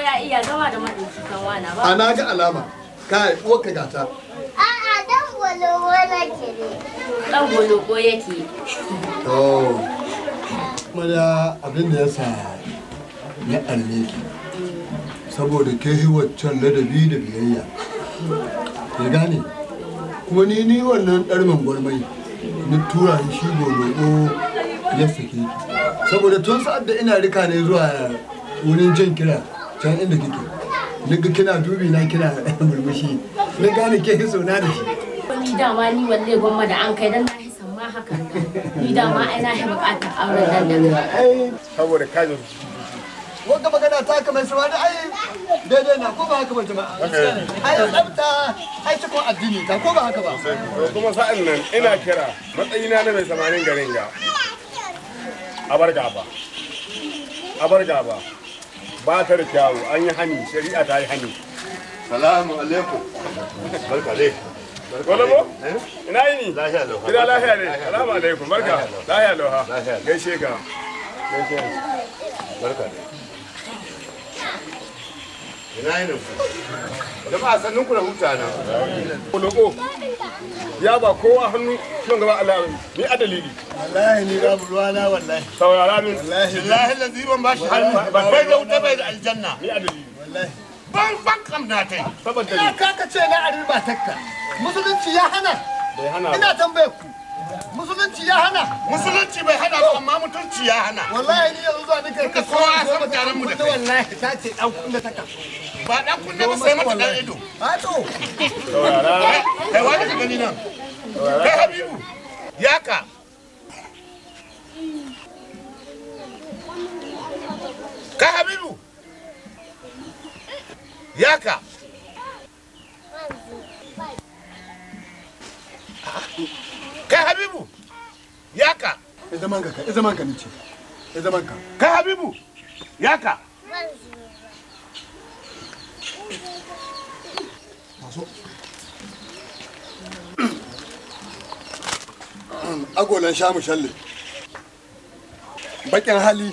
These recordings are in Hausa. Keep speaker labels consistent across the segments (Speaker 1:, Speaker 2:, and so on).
Speaker 1: ya iya zama da wana ba. A na ga alama. Kai, ko ka gata. A'a dan goloko ke ne. Dan goloko yake. To. Mada abin da ya sa na alle ki. Saboda ke waccan ladabi da biyayya. Ya gane? Kuma ni ni wannan ɗarmin gwarmai. Ni tura shi goloko ya sake ki. Saboda tun sa'ad da ina rika ne zuwa wurin jin kira. can inda kike kina dubi na kina murmushi na gane ke da shi ni dama ni walle gwamma da an kai dan na hisan ma haka ni dama ai na bukatar auren da ai saboda kaje wanda magana ta kamar su wani ai daidai na ko ba haka ba jama'a ai tsafta ai cikon addini ta ko ba haka ba kuma sa'an nan ina kira matsayina na mai samanin garin ga abar gaba abar gaba ba ta da kyawu an yi hani shari'a ta yi hani salamu alaikum barka dai Kolabo? Eh? Ina yi ni? Lahiya lauha. Gida lahiya ne. Salamu alaikum. Barka. Lahiya lauha. Gaishe ka. Gaishe ka. Barka ne. Ina yi nufu. a sannin ku da huta na. Kolabo. Ya ba kowa hannu shan gaba Allah ni a dalili. wallahi ni babu ruwa na wallahi saurara min wallahi lazi ban bashi hannu ba bai da wuta bai da aljanna ni adali wallahi ban ban kamna kai saboda ina kaka ce na ariba takka musulunci ya hana bai hana ina tambaye ku musulunci ya hana musulunci bai hana ba amma mutunci ya hana wallahi ni yanzu zuwa nake ka kowa a san taron mu da kai wallahi ta ce dan kunna taka ba dan kunna ba sai mata dan ido saurara kai wani gani nan kai habibu yaka ka habibu yaka ka habibu yaka ya zaman ka ya zaman ka nice ya zaman ka ka habibu yaka maso agolan shamu shalle bakin hali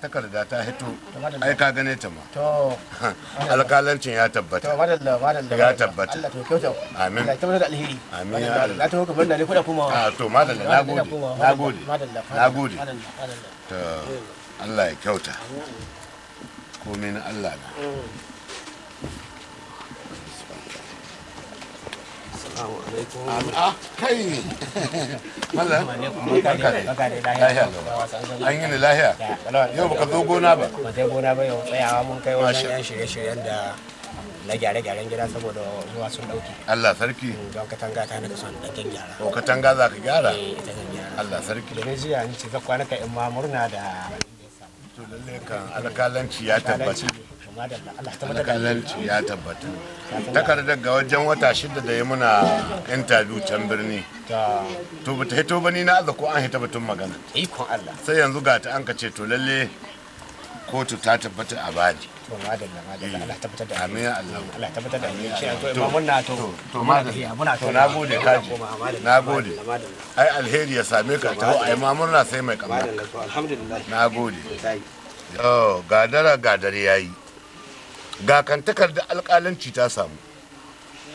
Speaker 1: takarda ta hito ai ka gane ta ma to alƙalancin ya tabbata to madalla madalla ya tabbata Allah to kyauta amin Allah tabbata alheri amin ya Allah to ka barna ne kuɗa kuma a ah, to madalla nagode nagode nagode to Allah ya kyauta komai na Allah na mm. Ah, kai mallam an yi ni lahiya yau baka zo gona ba ba zai gona ba yau tsayawa mun kai wajen yan shirye-shiryen da na gyare-gyaren gida saboda ruwa sun dauki Allah sarki don mm, katanga ta daga son dakin gyara o katanga za ka gyara eh, ita zan gyara Allah sarki da jiya ni ce zakwa naka in ma murna da to lalle kan alkalanci ya tabbata alkalanci ya tabbata takardar ga wajen wata shida da ya muna interview can birni to ta hito ba ni na aza ko an hita batun magana ikon Allah sai yanzu ga ta an ka ce to lalle kotu ta tabbata a bani. to madalla madalla eh. Allah da amin Allah Allah da amin to ba munna to to madalla gode. ai alheri ya same ka to ai ma murna sai mai kamar alhamdulillah nagode ga dara gadar yayi ga kan takardar alƙalanci ta samu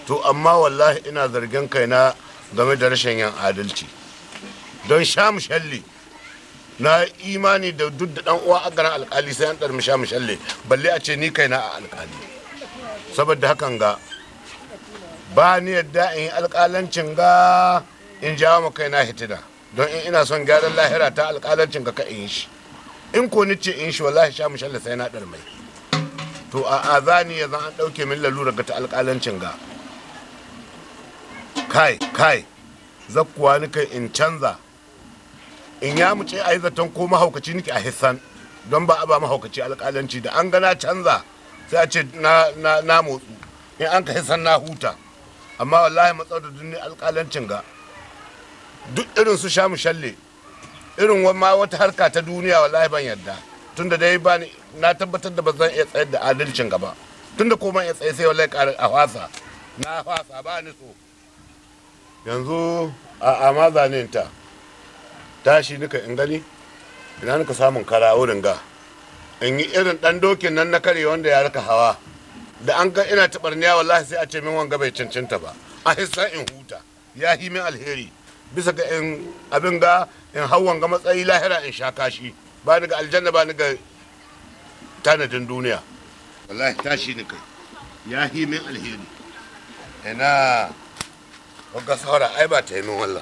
Speaker 1: to amma wallahi ina zargin kaina game da rashin yin adalci don sha mushalli na imani da duk da dan uwa a garin alkali sai an ɗarmi sha mushalli balle a ce ni kaina a alkali saboda hakan ga ba ni yadda in yi alkalancin ga in jawo ma kaina hitina don in ina son gyaran lahira ta alkalancin ga ka in shi in ko ni ce in shi wallahi sha mushalli sai na ɗarmai to a azani ya zan an ɗauke min lalura ga ta alƙalancin ga kai kai zakkuwa kai in canza in ya muce a yi zaton ko mahaukaci nake a hissan don ba a ba mahaukaci alƙalanci da an gana canza sai a ce na motsu in an ka hissan na huta amma wallahi matsar da dunni alƙalancin ga duk irin su sha mu shalle irin ma wata harka ta duniya wallahi ban yadda tunda dai ba na tabbatar da ba zan iya tsayar da adalcin gaba tunda komai iya tsaye sai wallahi ƙarar a fasa na fasa ba ni so yanzu a ama zanen ta tashi nika in gani ina nika samun kara wurin ga in yi irin dan dokin nan na kare wanda ya rika hawa da an ga ina tabarniya wallahi sai a ce min wanga bai cincinta ba a hissan in huta ya yi min alheri bisa ga in abin ga in hau wanga matsayi lahira in sha kashi ba ni ga aljanna ba ni ga tanadin duniya wallahi tashi ni kai ya hi min alheri ina wagga saura ai ba ta yi min wallah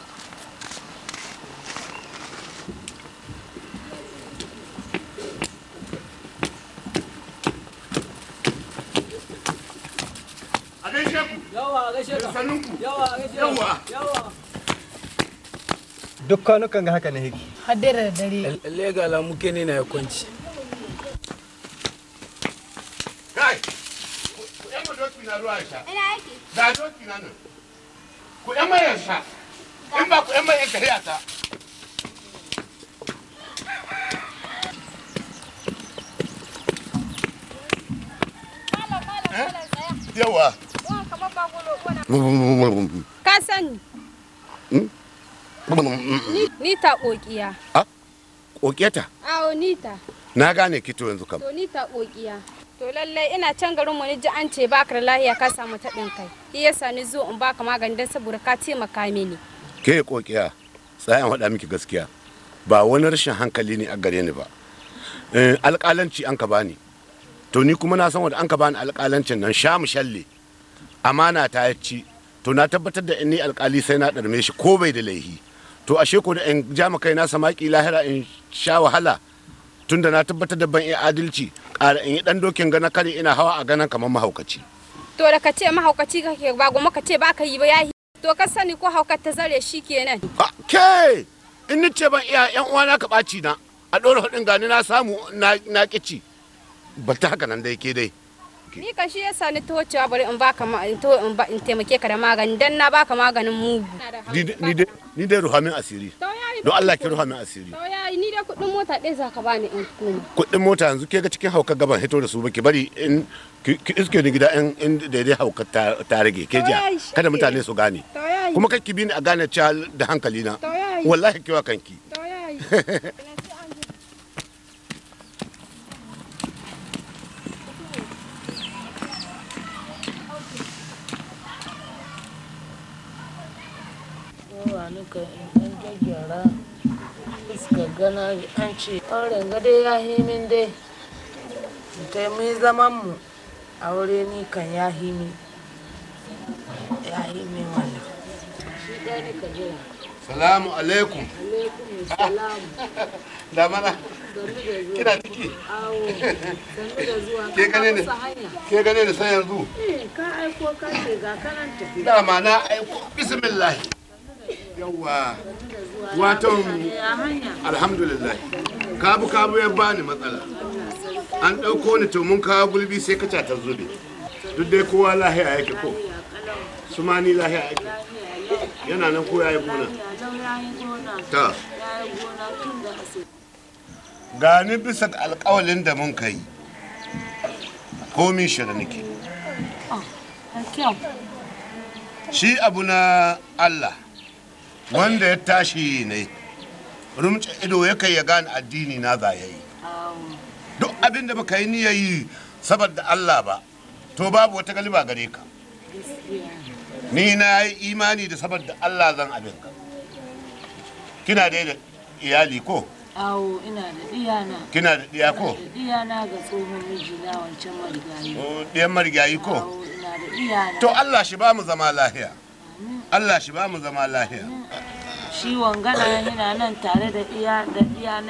Speaker 1: a gaishe ku yawa a gaishe ku yawa yawa duk kwanukan ga haka ne hiki haddera da dare lega la muke ne na ya kai kuɗin mu doki na ruwa sha ina yake da doki na nan kuɗin mai yan sha in ba kuɗin mai yan kariya ta yawa ka sani mm? ni ta kokiya a kokiyata awo ni ta na gane kito yanzu kam to ni ta kokiya to lallai ina can garin mu ji an ce baka da lahiya ka samu taɗin kai ki yasa ni zo in baka magani dan saboda ka taimaka mini ke kokiya tsayan wada miki gaskiya ba wani rashin hankali ne a gare ni ba eh, alƙalanci an ka bani to ni kuma na san wanda an ka bani alƙalancin nan sha mu shalle amana ta ya ci to na tabbatar da in ni alƙali sai na ɗarme shi ko bai da laihi to ashe ko da in ja ma na samaki lahira in sha wahala tunda na tabbatar da ban yi adalci ƙara in yi dan dokin gana kare ina hawa a ganan kamar mahaukaci to da ka ce mahaukaci kake ba goma ka ce ba yi ba yahi to ka sani ko hauka ta zare shi kenan ke in ni ce ban iya yan uwana ka ɓaci na a ɗora hudin gani na samu na ƙici ba ta haka nan dai ke dai ni ka shi yasa ni to cewa bari in baka ma to in taimake ka da magani dan na baka maganin mugu ni dai ni dai ruhamin asiri don Allah ki ruhamin asiri to yayi ni dai kudin mota dai za ka bani in kuma kudin mota yanzu ke ga cikin haukar gaban hito da su ba ki bari in ki iske ni gida in in da dai haukar ta rage ke jiya kada mutane su gane kuma kai ki bi ni a gane cewa da hankali na wallahi kiwa kanki to yayi riga na ji an ce an riga dai ya himin dai ta mu zaman mu a wuri ni kan ya himi ya himi wannan shi dai ne ka jira salamu alaikum ah. da mana kina ciki ke gane ne ke gane ne sai yanzu eh, ka aiko ka ce ga kanan tafi dama na aiko bismillah yawa wato alhamdulillah kabu kabu ya bani matsala an ɗauko ni to mun kawo gulbi sai ka ta zube duk dai kowa lahiya yake ko su ni lahiya yake yana nan ko yayi gona ta gani bisa alƙawalin da mun kai komi shi da nake ah, shi abu na Allah wanda ya tashi ne rumce ido ya kai ya gane addini na zayayi duk abin da baka yi niyyar yi saboda Allah ba to babu wata galiba gare ka ni na yi imani da saboda Allah zan abin ka kina da da iyali ko awo ina da diyana kina da diya ko diyana ga tsohon na wancan marigayi diyan marigayi ko to Allah shi ba mu zama lahiya Allah shi ba mu zama lahiya. Shi wangana yana nan tare da iya da iya